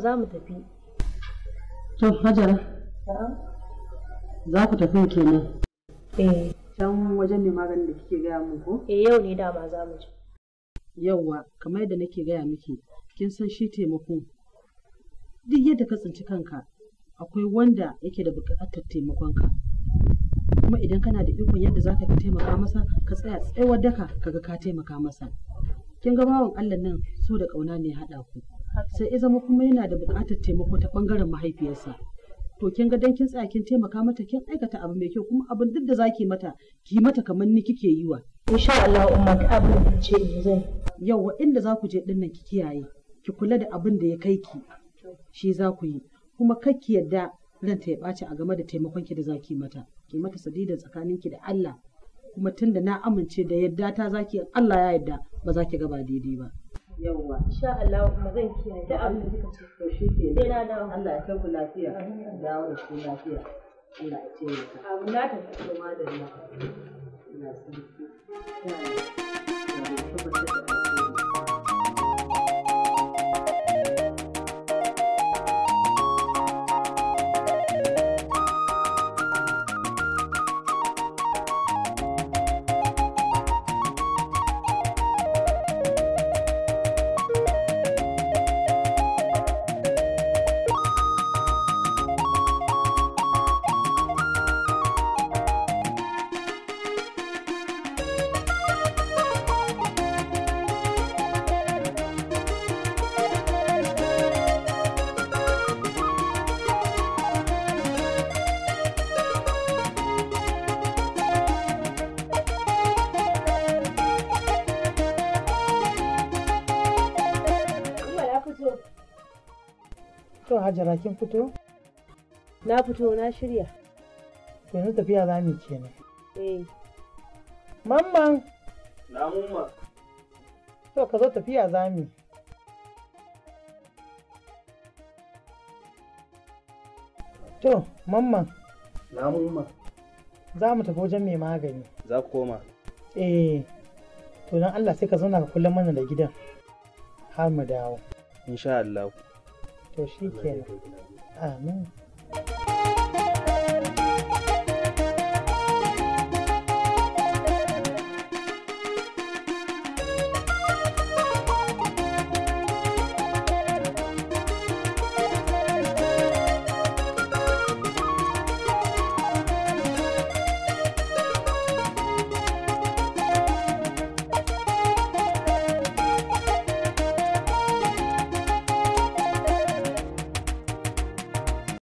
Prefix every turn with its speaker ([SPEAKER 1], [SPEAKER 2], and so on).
[SPEAKER 1] za mu tafi to hajara za ku tafi kenan eh can wajen mai maganin da kike gaya mu ko eh yau ne dama za mu je yauwa kamar yadda nake gaya miki kin san shi taimako duk yadda ka tsinci kanka akwai wanda yake da buƙatar taimakonka kuma idan kana da ikon yadda za ka taimaka masa ka tsaya tsayawar daka ka ga ka taimaka masa kin ga bawan Allah nan so da ƙauna ne ya haɗa ku sai ya zama kuma yana da buƙatar taimako ta ɓangaren mahaifiyarsa to kin ga dan kin tsaya kin taimaka mata kin aikata abu mai kyau kuma abin duk da zaki mata ki mata kamar ni kike yi wa insha Allah umma ka abin da ce zai wa inda za ku je din nan ki kiyaye ki kula da abin da ya kai ki shi za ku yi kuma kar ki yadda ranta ya ɓaci a game da taimakon ki da zaki mata ki mata sadida tsakanin ki da Allah kuma tunda na amince da yadda ta zaki Allah ya yadda ba za ki ga ba daidai ba yawwa insha Allah kuma zan kiyaye da abin da kika ce to shike sai na dawo Allah ya kai lafiya dawo da ku lafiya Allah ya ce abu na ta kuma da na Allah ya To Hajara kin fito? Na fito na shirya. To yanzu tafiya za mu kenan. Eh. Mamman. Na mumma. To ka zo tafiya za mu. To,
[SPEAKER 2] mamman. Na mumma.
[SPEAKER 1] Za mu tafi wajen mai magani. Za ku koma. Eh. To don Allah sai ka zauna ka kula mana da gidan. Har mu dawo. Insha Allah. to shi kenan